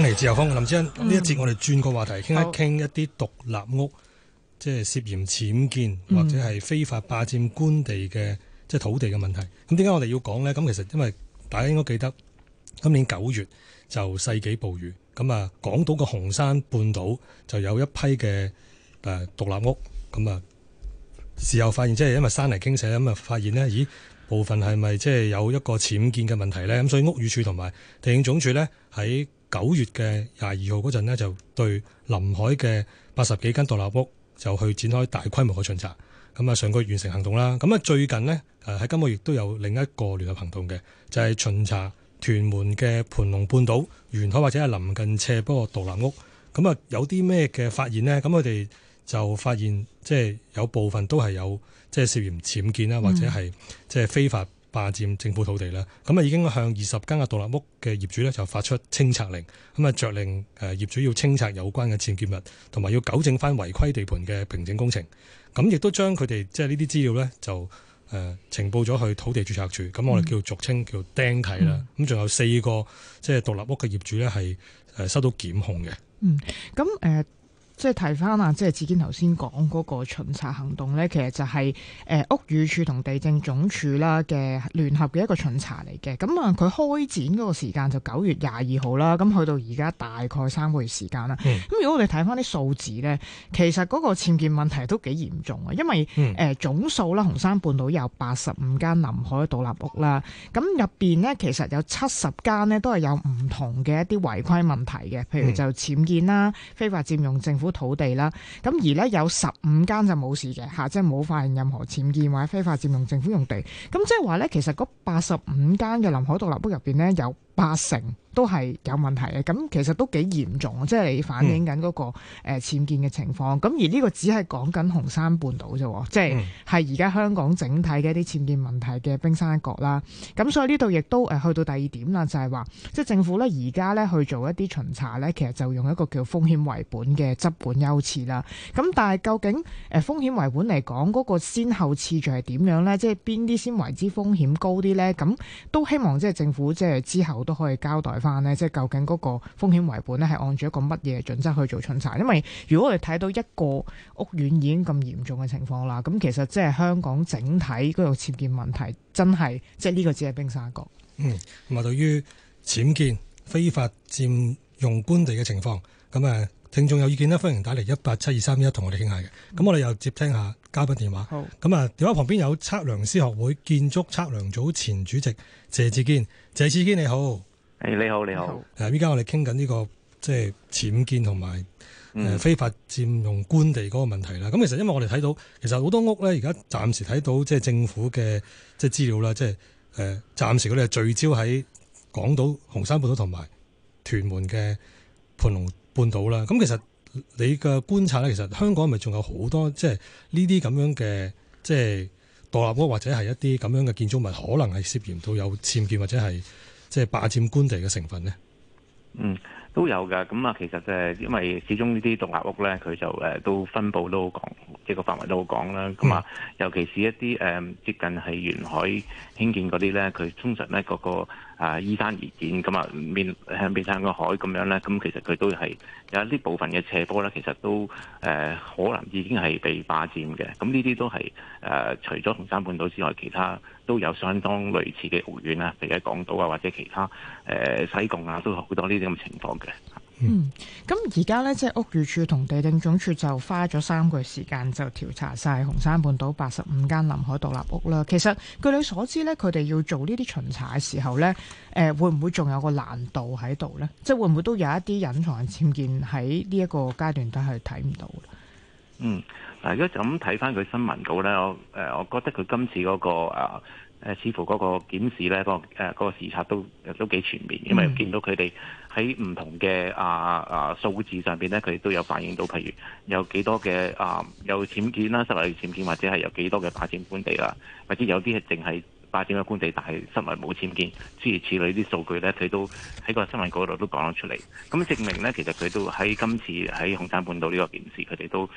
翻嚟自由風，林志恩呢一節我哋轉個話題，傾、嗯、一傾一啲獨立屋，即係好涉嫌僭建、嗯、或者係非法霸佔官地嘅，即、就、係、是、土地嘅問題。咁點解我哋要講呢？咁其實因為大家應該記得，今年九月就世紀暴雨，咁啊，港島嘅紅山半島就有一批嘅誒獨立屋，咁啊，事後發現即係、就是、因為山泥傾瀉，咁啊，發現呢。咦？部分係咪即係有一個僭建嘅問題呢？咁所以屋宇署同埋地政總署呢，喺九月嘅廿二號嗰陣咧，就對臨海嘅八十幾間獨立屋就去展開大規模嘅巡查。咁啊，上個月完成行動啦。咁啊，最近呢，喺今個月都有另一個聯合行動嘅，就係、是、巡查屯門嘅蟠龍半島沿海或者係臨近斜坡嗰個獨立屋。咁啊，有啲咩嘅發現呢？咁我哋，就發現即係有部分都係有即係涉嫌僭建啦，或者係即係非法霸佔政府土地啦。咁啊、嗯、已經向二十間嘅獨立屋嘅業主呢，就發出清拆令，咁啊着令誒業主要清拆有關嘅僭建物，同埋要糾正翻違規地盤嘅平整工程。咁亦都將佢哋即係呢啲資料呢，就誒、呃呃、呈報咗去土地註冊處。咁、嗯、我哋叫俗稱，叫釘契啦。咁仲、嗯、有四個即係獨立屋嘅業主呢，係誒收到檢控嘅。嗯，咁誒。呃即係睇翻啊，即係志堅頭先講嗰個巡查行動咧，其實就係、是、誒、呃、屋宇署同地政總署啦嘅聯合嘅一個巡查嚟嘅。咁、嗯、啊，佢開展嗰個時間就九月廿二號啦，咁去到而家大概三個月時間啦。咁、嗯、如果我哋睇翻啲數字咧，其實嗰個僭建問題都幾嚴重啊，因為誒、嗯呃、總數啦，紅山半島有八十五間臨海獨立屋啦，咁入邊咧其實有七十間咧都係有唔同嘅一啲違規問題嘅，譬如就僭建啦、嗯、非法佔用政府土地啦，咁而咧有十五間就冇事嘅吓，即係冇發現任何僭建或者非法佔用政府用地，咁即係話咧，其實嗰八十五間嘅臨海獨立屋入邊咧有八成。都係有問題嘅，咁其實都幾嚴重啊！即係你反映緊嗰個僭建嘅情況。咁、嗯、而呢個只係講緊紅山半島啫，嗯、即係係而家香港整體嘅一啲僭建問題嘅冰山一角啦。咁所以呢度亦都誒、呃、去到第二點啦，就係、是、話即係政府咧而家咧去做一啲巡查咧，其實就用一個叫風險為本嘅執本優次啦。咁但係究竟誒風險為本嚟講嗰個先後次序係點樣咧？即係邊啲先為之風險高啲咧？咁都希望即係政府即係之後都可以交代翻。咧，即係究竟嗰個風險為本咧，係按住一個乜嘢準則去做巡查？因為如果我哋睇到一個屋苑已經咁嚴重嘅情況啦，咁其實即係香港整體嗰個僭建問題真係，即係呢個只係冰山一角。嗯，咁啊，對於僭建、非法佔用官地嘅情況，咁啊，聽眾有意見呢？歡迎打嚟一八七二三一，同、嗯、我哋傾下嘅。咁我哋又接聽下嘉賓電話。好咁啊，電話旁邊有測量師學會建築測量組前主席謝志堅。謝志堅你好。誒，hey, 你好，你好。誒，依家我哋傾緊呢個即係僭建同埋誒非法佔用官地嗰個問題啦。咁其實因為我哋睇到，其實好多屋咧，而家暫時睇到即係政府嘅即係資料啦，即係誒暫時佢哋係聚焦喺港島、紅山半島同埋屯門嘅蟠龍半島啦。咁其實你嘅觀察咧，其實香港咪仲有好多即係呢啲咁樣嘅即係獨立屋或者係一啲咁樣嘅建築物，可能係涉嫌到有僭建或者係？即係霸佔官地嘅成分咧，嗯都有嘅。咁啊，其實誒，因為始終呢啲獨立屋咧，佢就誒都分布都好廣，即個範圍都好廣啦。咁啊、嗯，尤其是一啲誒、嗯、接近係沿海興建嗰啲咧，佢通常咧嗰個。啊！依山而建，咁啊面向面山個海咁樣咧，咁其實佢都係有一啲部分嘅斜坡咧，其實都誒、呃、可能已經係被霸佔嘅。咁呢啲都係誒、呃、除咗紅山半島之外，其他都有相當類似嘅屋苑啊，譬如喺港島啊，或者其他誒、呃、西貢啊，都好多呢啲咁情況嘅。嗯，咁而家咧，即係屋宇署同地政總署就花咗三個月時間就調查晒紅山半島八十五間臨海獨立屋啦。其實據你所知呢，佢哋要做呢啲巡查嘅時候呢，誒、呃，會唔會仲有一個難度喺度呢？即係會唔會都有一啲隱藏嘅僭建喺呢一個階段都係睇唔到？嗯，嗱，如果咁睇翻佢新聞稿呢，我誒，我覺得佢今次嗰、嗰個啊。呃誒、呃，似乎嗰個檢視咧，那個誒嗰、呃那個視察都都幾全面，因為見到佢哋喺唔同嘅啊啊數字上邊咧，佢都有反映到，譬如有幾多嘅啊、呃、有僭建啦，室內僭建，或者係有幾多嘅霸佔官地啦，或者有啲係淨係霸佔嘅官地，但係室內冇僭建。諸如此類啲數據咧，佢都喺個新聞稿度都講咗出嚟，咁證明咧，其實佢都喺今次喺紅山半島呢個檢視，佢哋都。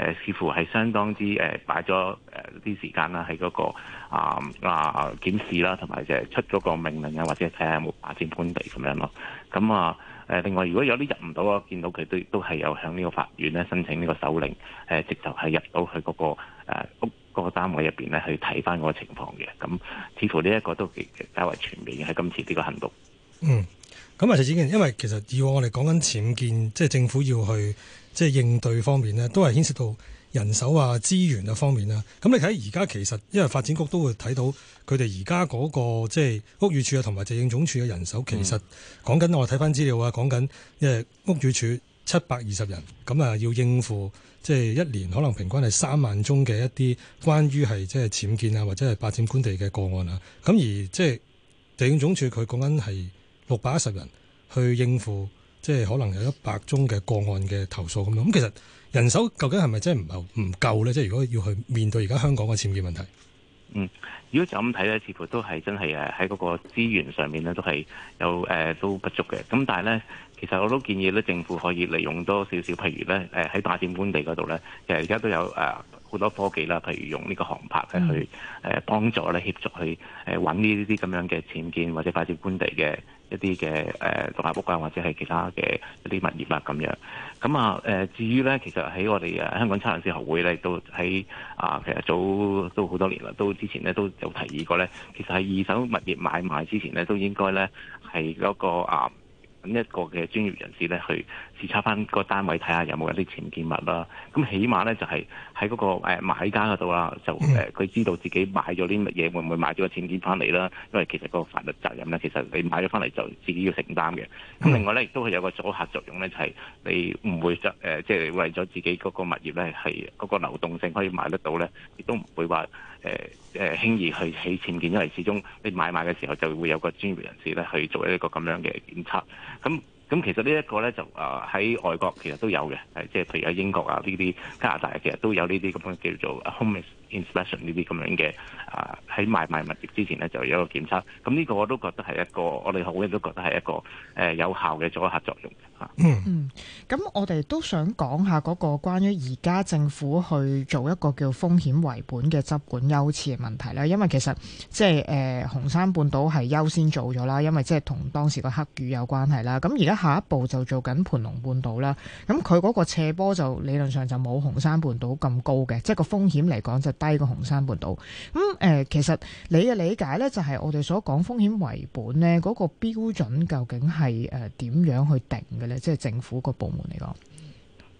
誒、呃、似乎係相當之誒、呃、擺咗誒啲時間啦、那個，喺嗰個啊嗱檢視啦，同埋就係出咗個命令啊，或者睇下有冇霸佔土地咁樣咯。咁啊誒，另外如果有啲入唔到啊，見到佢都都係有向呢個法院咧申請呢個手令，誒、呃、直頭係入到去嗰、那個屋、呃那個單位入邊咧去睇翻嗰個情況嘅。咁似乎呢一個都幾較為全面喺今次呢個行動。嗯。咁啊，謝志堅，因為其實以往我哋講緊僭建，即、就、係、是、政府要去即係應對方面呢，都係牽涉到人手啊、資源啊方面啦。咁你睇而家其實，因為發展局都會睇到佢哋而家嗰個即係、就是、屋宇署啊，同埋地政總署嘅人手，嗯、其實講緊我睇翻資料啊，講緊，因為屋宇署七百二十人，咁啊要應付即係一年可能平均係三萬宗嘅一啲關於係即係僭建啊，或者係霸佔官地嘅個案啊。咁而即係地政總署佢講緊係。六百一十人去應付，即係可能有一百宗嘅個案嘅投訴咁咯。咁其實人手究竟係咪真係唔夠唔夠咧？即係如果要去面對而家香港嘅僭建問題，嗯，如果就咁睇咧，似乎都係真係誒喺嗰個資源上面咧都係有誒、呃、都不足嘅。咁但係咧，其實我都建議咧，政府可以利用多少少，譬如咧誒喺發展官地嗰度咧，其實而家都有誒好、呃、多科技啦，譬如用呢個航拍咧去誒、呃、幫助咧協助去誒揾呢啲咁樣嘅僭建或者發展官地嘅。一啲嘅誒獨立屋啊，或者係其他嘅一啲物業啊，咁樣咁啊誒，至於咧，其實喺我哋誒、啊、香港測量師學會咧，都喺啊其實早都好多年啦，都之前咧都有提議過咧，其實喺二手物業買賣之前咧，都應該咧係嗰個啊，一個嘅專業人士咧，去視察翻個單位，睇下有冇一啲僭建物啦。咁起碼咧，就係喺嗰個誒、呃、買家嗰度啦，就誒佢、呃、知道自己買咗啲乜嘢，會唔會買咗僭建翻嚟啦？因為其實嗰個法律責任咧，其實你買咗翻嚟就自己要承擔嘅。咁另外咧，亦都係有個阻嚇作用咧，就係、是、你唔會執即係為咗自己嗰個物業咧，係嗰個流動性可以買得到咧，亦都唔會話誒誒輕易去起僭建，因為始終你買賣嘅時候就會有個專業人士咧去做一個咁樣嘅檢測。咁咁，其實呢一個咧就啊喺、呃、外國其實都有嘅，係即係譬如喺英國啊呢啲加拿大啊，其實都有呢啲咁樣叫做 homeless inspection 呢啲咁樣嘅啊，喺買賣物業之前呢，就有一個檢測，咁呢個我都覺得係一個我哋學會，都覺得係一個誒、呃、有效嘅阻吓作用嘅嚇。嗯嗯，咁我哋都想講下嗰個關於而家政府去做一個叫風險為本嘅執管優次嘅問題啦，因為其實即係誒紅山半島係優先做咗啦，因為即係同當時個黑雨有關係啦。咁而家下一步就做緊蟠龍半島啦，咁佢嗰個斜坡就理論上就冇紅山半島咁高嘅，即係個風險嚟講就是。低個紅山半島咁誒、嗯呃，其實你嘅理解咧，就係、是、我哋所講風險為本咧，嗰、那個標準究竟係誒點樣去定嘅咧？即係政府個部門嚟講，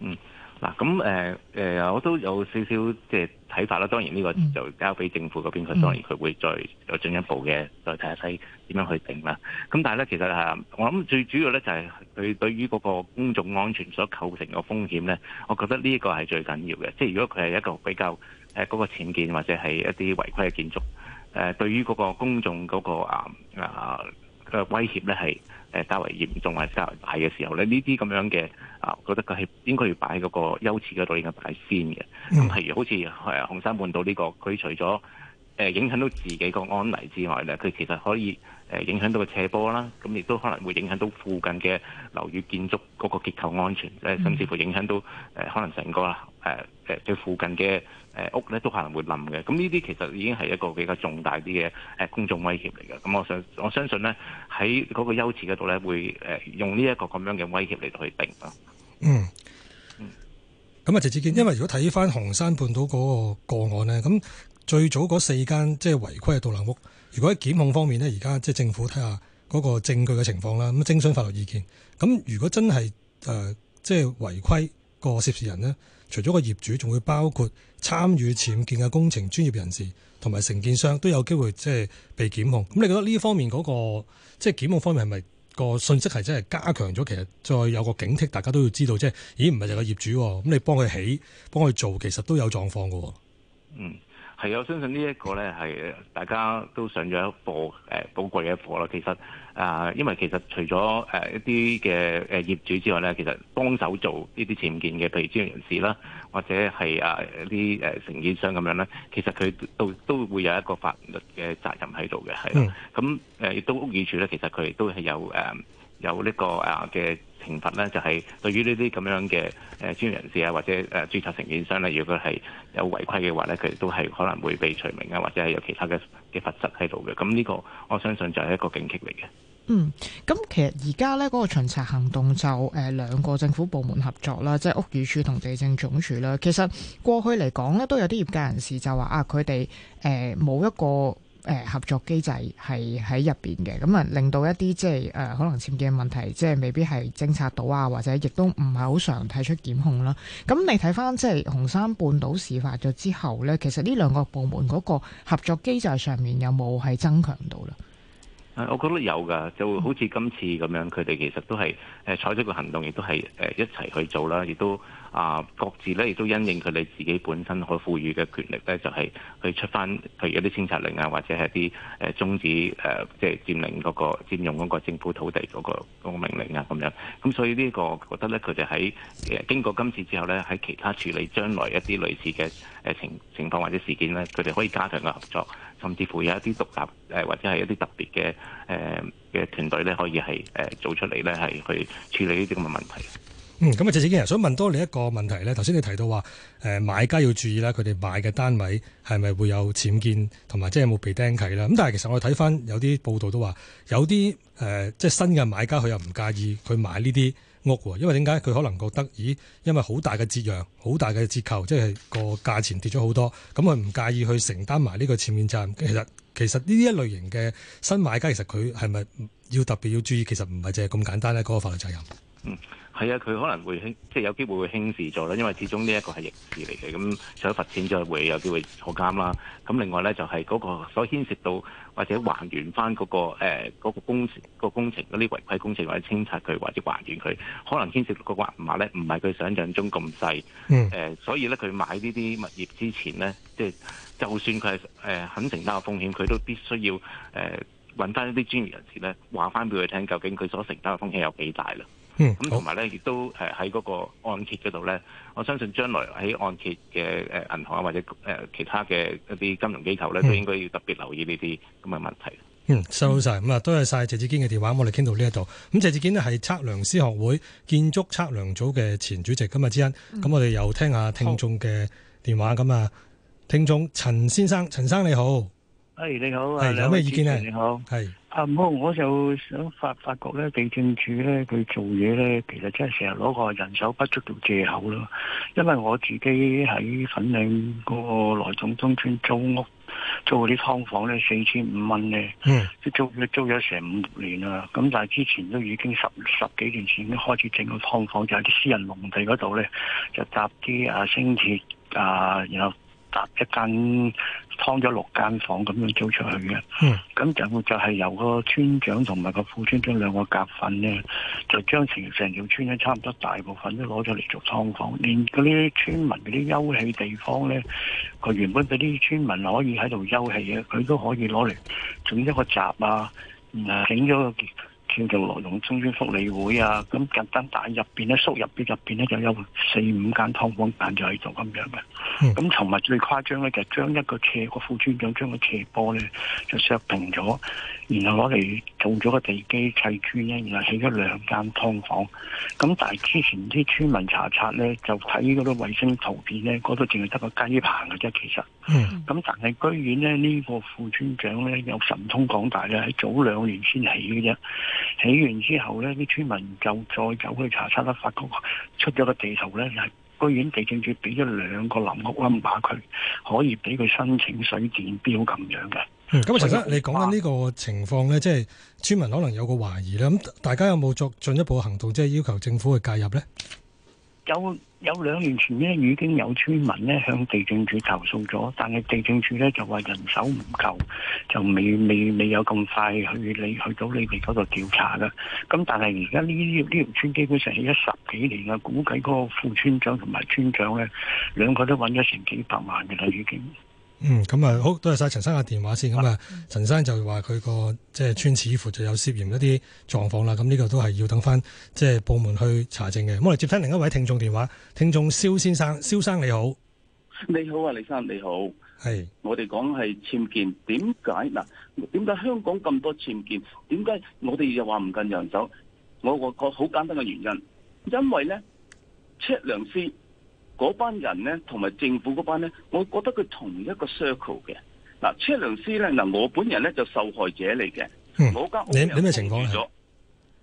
嗯嗱，咁誒誒，我都有少少即係睇法啦。當然呢個就交俾政府嗰邊，佢、嗯、當然佢會再有進一步嘅，再睇下睇點樣去定啦。咁但係咧，其實啊、呃，我諗最主要咧就係佢對，對於嗰個公眾安全所構成嘅風險咧，我覺得呢一個係最緊要嘅。即係如果佢係一個比較誒嗰、啊那個僭建或者係一啲違規嘅建築，誒、啊、對於嗰個公眾嗰、那個啊啊嘅、啊、威脅咧係誒較為嚴重，或者較為大嘅時候咧，呢啲咁樣嘅。啊，覺得佢係應該要擺嗰個優次嗰度應該擺先嘅。咁、啊、譬如好似誒紅山半島呢、這個，佢除咗誒、呃、影響到自己個安危之外咧，佢其實可以誒、呃、影響到個斜坡啦，咁、嗯、亦都可能會影響到附近嘅樓宇建築嗰個結構安全，誒甚至乎影響到誒、呃、可能成個誒誒對附近嘅誒、呃、屋咧都可能會冧嘅。咁呢啲其實已經係一個比較重大啲嘅誒公眾威脅嚟嘅。咁、嗯、我想我相信咧喺嗰個優次嗰度咧會誒用呢一個咁樣嘅威脅嚟去定啊。嗯，咁啊，謝志堅，因為如果睇翻紅山半島嗰個個案呢，咁最早嗰四間即係違規嘅獨立屋，如果喺檢控方面呢，而家即係政府睇下嗰個證據嘅情況啦，咁徵詢法律意見。咁如果真係誒，即係違規個涉事人呢，除咗個業主，仲會包括參與僭建嘅工程專業人士同埋承建商都有機會即係被檢控。咁你覺得呢方面嗰、嗰個即係檢控方面係咪？個信息係真係加強咗，其實再有個警惕，大家都要知道，即係咦唔係就係個業主咁，你幫佢起，幫佢做，其實都有狀況㗎喎，嗯。係啊，我相信呢個呢一個咧係大家都上咗一課，誒、呃、寶貴嘅一課啦。其實啊、呃，因為其實除咗誒、呃、一啲嘅誒業主之外咧，其實幫手做呢啲僭建嘅，譬如專業人士啦，或者係啊一啲誒承建商咁樣咧，其實佢都都會有一個法律嘅責任喺度嘅，係。咁誒亦都屋宇署咧，其實佢亦都係有誒、呃、有呢、呢個啊嘅。呃懲罰呢，就係對於呢啲咁樣嘅誒專業人士啊，或者誒註冊承建商呢，如果佢係有違規嘅話呢，佢哋都係可能會被除名啊，或者係有其他嘅嘅罰則喺度嘅。咁呢個我相信就係一個警訊嚟嘅。嗯，咁其實而家呢嗰、嗰個巡查行動就誒、呃、兩個政府部門合作啦，即係屋宇署同地政總署啦。其實過去嚟講呢，都有啲業界人士就話啊，佢哋誒冇一個。誒合作機制係喺入邊嘅，咁啊令到一啲即係誒可能潛嘅問題，即係未必係偵察到啊，或者亦都唔係好常提出檢控啦。咁你睇翻即係紅山半島事發咗之後呢，其實呢兩個部門嗰個合作機制上面有冇係增強到咧？我覺得有㗎，就好似今次咁樣，佢哋其實都係誒採取個行動，亦都係誒一齊去做啦，亦都啊各自咧，亦都因應佢哋自己本身可賦予嘅權力咧，就係去出翻譬如一啲清拆令啊，或者係啲誒終止誒即係佔領嗰個佔用嗰個政府土地嗰個嗰個命令啊咁樣。咁所以呢個我覺得咧，佢哋喺經過今次之後咧，喺其他處理將來一啲類似嘅誒情情況或者事件咧，佢哋可以加強個合作。甚至乎有一啲獨立誒，或者係一啲特別嘅誒嘅團隊咧，可以係誒、呃、做出嚟咧，係去處理呢啲咁嘅問題。嗯，咁啊謝志堅，想問多你一個問題咧。頭先你提到話誒、呃、買家要注意啦，佢哋買嘅單位係咪會有僭建同埋即係有冇被釘契啦？咁但係其實我睇翻有啲報道都話有啲誒、呃，即係新嘅買家佢又唔介意佢買呢啲。因為點解佢可能覺得，咦，因為好大嘅折讓，好大嘅折扣，即係個價錢跌咗好多，咁佢唔介意去承擔埋呢個全面責任。其實其實呢一類型嘅新買家，其實佢係咪要特別要注意？其實唔係淨係咁簡單咧，嗰、這個法律責任。嗯，係啊，佢可能會即係有機會會輕視咗啦，因為始終呢一個係刑事嚟嘅，咁除咗罰錢就會有機會坐監啦。咁另外咧就係、是、嗰個所牽涉到或者還原返、那、嗰個嗰、呃那個、工程、那個、工程嗰啲違規工程或者清拆佢或者還原佢，可能牽涉到個銀碼咧唔係佢想像中咁細、嗯呃。所以咧佢買呢啲物業之前咧，即、就、係、是、就算佢係、呃、肯承擔嘅風險，佢都必須要誒搵返一啲專業人士咧話返俾佢聽，究竟佢所承擔嘅風險有幾大啦。咁同埋咧，亦、嗯、都誒喺嗰個按揭嗰度咧，我相信將來喺按揭嘅誒銀行啊，或者誒其他嘅一啲金融機構咧，嗯、都應該要特別留意呢啲咁嘅問題。嗯，收晒，咁啊、嗯，多謝晒謝志堅嘅電話，我哋傾到呢一度。咁謝志堅咧係測量師學會建築測量組嘅前主席，今日之恩。咁、嗯、我哋又聽下聽眾嘅電話。咁啊好，聽眾陳先生，陳生你好。誒、hey, 你好。係是好有咩意見啊？你好。係。啊，唔好，我就想發發覺咧，地政處咧佢做嘢咧，其實真係成日攞個人手不足做藉口咯。因為我自己喺粉嶺嗰個來總中村租屋租嗰啲劏房咧，四千五蚊咧，即租咗租咗成五六年啦。咁但係之前都已經十十幾年前已經開始整個劏房，就係啲私人農地嗰度咧，就搭啲啊，鋅鐵啊，然後搭一間劏咗六間房咁樣租出去嘅，咁、嗯、就就係、是、由個村長同埋個副村長兩個夾份咧，就將成成條村咧，差唔多大部分都攞咗嚟做劏房，連嗰啲村民嗰啲休憩地方咧，佢原本嗰啲村民可以喺度休憩嘅，佢都可以攞嚟整一個閘啊，整、嗯、咗個。叫做羅龍中村福利會啊，咁簡單，單，但入邊咧，收入邊入邊咧就有四五間劏房，但、嗯、就喺度咁樣嘅。咁同埋最誇張咧，就係將一個斜個副村長將個斜坡咧就削平咗。然後攞嚟做咗個地基砌磚咧，然後起咗兩間劏房。咁但係之前啲村民查冊咧，就睇嗰個衛星圖片咧，嗰度淨係得個雞棚嘅啫。其實、嗯，咁但係居然咧呢、這個副村長咧有神通廣大咧，早兩年先起嘅啫。起完之後咧，啲村民就再走去查冊啦，發覺出咗個地圖咧，係居然地政處俾咗兩個林屋 number 可以俾佢申請水電表咁樣嘅。咁、嗯嗯、陳生，你講緊呢個情況呢，即係村民可能有個懷疑啦。咁大家有冇作進一步行動，即係要求政府去介入呢？有，有兩年前呢已經有村民呢向地政處投訴咗，但係地政處呢就話人手唔夠，就未未未有咁快去你去到你哋嗰度調查啦。咁但係而家呢呢條村基本上係一十幾年啦，估計嗰個副村長同埋村長呢兩個都揾咗成幾百萬嘅啦，已經。嗯，咁、嗯、啊好，多謝晒陳生嘅電話先。咁啊，陳生就話佢個即係村似乎就有涉嫌一啲狀況啦。咁呢個都係要等翻即係部門去查證嘅。咁我嚟接聽另一位聽眾電話，聽眾蕭先生，蕭生你好，你好啊，李生你好，係是我哋講係僭建，點解嗱？點解香港咁多僭建？點解我哋又話唔近洋酒？我個個好簡單嘅原因，因為咧測量師。嗰班人咧，同埋政府嗰班咧，我覺得佢同一個 circle 嘅。嗱、啊，測量師咧，嗱我本人咧就受害者嚟嘅、嗯。我間屋我俾人封住咗，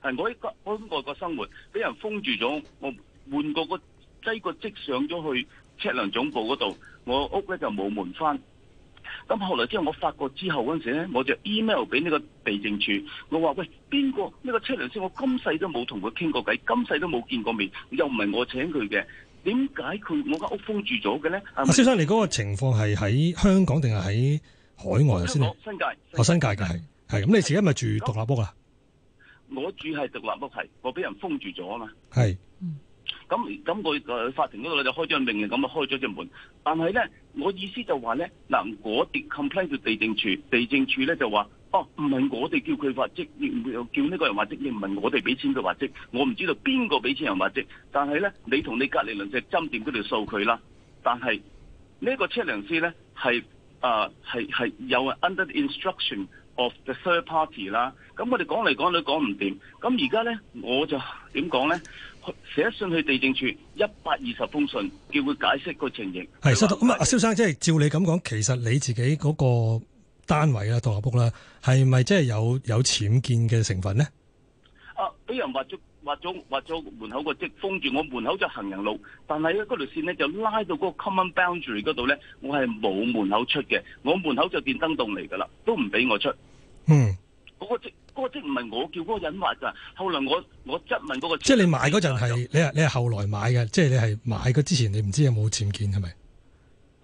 係我依家我喺外國生活，俾人封住咗。我換過、那個擠個職上咗去測量總部嗰度，我屋咧就冇門翻。咁後來之後我發覺之後嗰陣時咧，我就 email 俾呢個地政處，我話喂，邊個呢個測量師？我今世都冇同佢傾過偈，今世都冇見過面，又唔係我請佢嘅。點解佢我間屋封住咗嘅咧？阿蕭、啊、生，你嗰個情況係喺香港定係喺海外先啊？新界，我新界嘅係係咁，哦、界你而家咪住獨那立屋啊？我住係獨立屋，係我俾人封住咗啊嘛。係是，咁咁我、呃、法庭嗰度就開張命令咁啊，就開咗隻門。但係咧，我意思就話咧，嗱，我哋 complain 到地政處，地政處咧就話。哦，唔係我哋叫佢劃職，又叫呢個人劃職，亦唔係我哋俾錢佢劃職，我唔知道邊個俾錢人劃職。但係咧，你同你隔離兩隻針掂嗰條數據啦。但係呢個測量師咧係啊係係有 under the instruction of the third party 啦。咁、嗯、我哋講嚟講去講唔掂。咁而家咧，我就點講咧？寫信去地政處一百二十封信，叫佢解釋個情形。係收到咁啊，蕭生即係照你咁講，其實你自己嗰、那個。單位啦，獨立屋啦，係咪真係有有僭建嘅成分咧？啊，俾人畫咗畫咗畫咗門口個即封住我門口就行人路。但係咧，嗰條線咧就拉到嗰個 common boundary 嗰度咧，我係冇門口出嘅。我門口就電燈洞嚟噶啦，都唔俾我出。嗯，嗰個即、嗰個即唔係我叫嗰個人畫噶。後來我我質問嗰個，即係你買嗰陣係你係你係後來買嘅，即係你係買之前你唔知道有冇僭建係咪？是不是？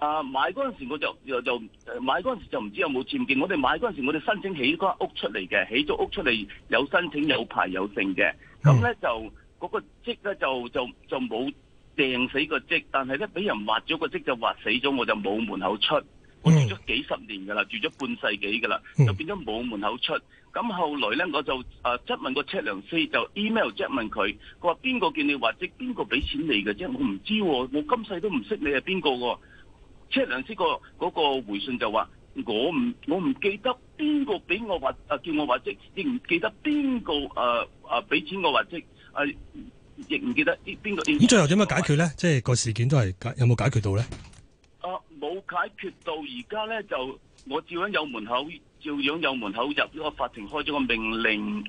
啊！買嗰陣時我就就，就買嗰陣時就唔知有冇僭建。我哋買嗰陣時，我哋申請起間屋出嚟嘅，起咗屋出嚟有申請有牌有證嘅。咁咧就嗰、那個積咧就就就冇掟死個積，但係咧俾人挖咗個積就挖死咗，我就冇門口出。我住咗幾十年㗎啦，住咗半世紀㗎啦，就變咗冇門口出。咁後來咧我就啊質問個測量師，就 email 質問佢，佢話邊個叫你挖積，邊個俾錢你嘅啫？我唔知喎，哦，我今世都唔識你係邊個喎。測量師個個回信就話，我唔我唔記得邊個俾我話，啊叫我話即亦唔記得邊個誒誒，俾錢我話即誒亦唔記得呢邊個。咁最後點樣解決咧？即係個事件都係解有冇解決到咧？啊，冇解決到。而家咧就我照樣有門口，照樣有門口入，呢個法庭開咗個命令，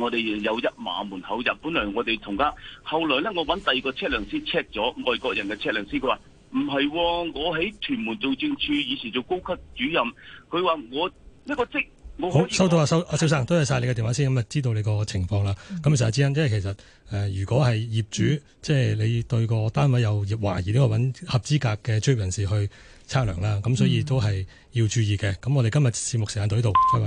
我哋有一碼門口入，本來我哋同家，後來咧我揾第二個測量師 check 咗外國人嘅測量師，佢話。唔係、哦，我喺屯門做政處以前做高級主任，佢話我一個職冇好收到啊，收啊小，小生多謝晒你嘅電話先，咁啊知道你個情況啦。咁啊、嗯，成日只因即係其實、呃、如果係業主，嗯、即係你對個單位有懷疑，呢個搵合資格嘅專業人士去測量啦。咁所以都係要注意嘅。咁、嗯、我哋今日節目時間到呢度，再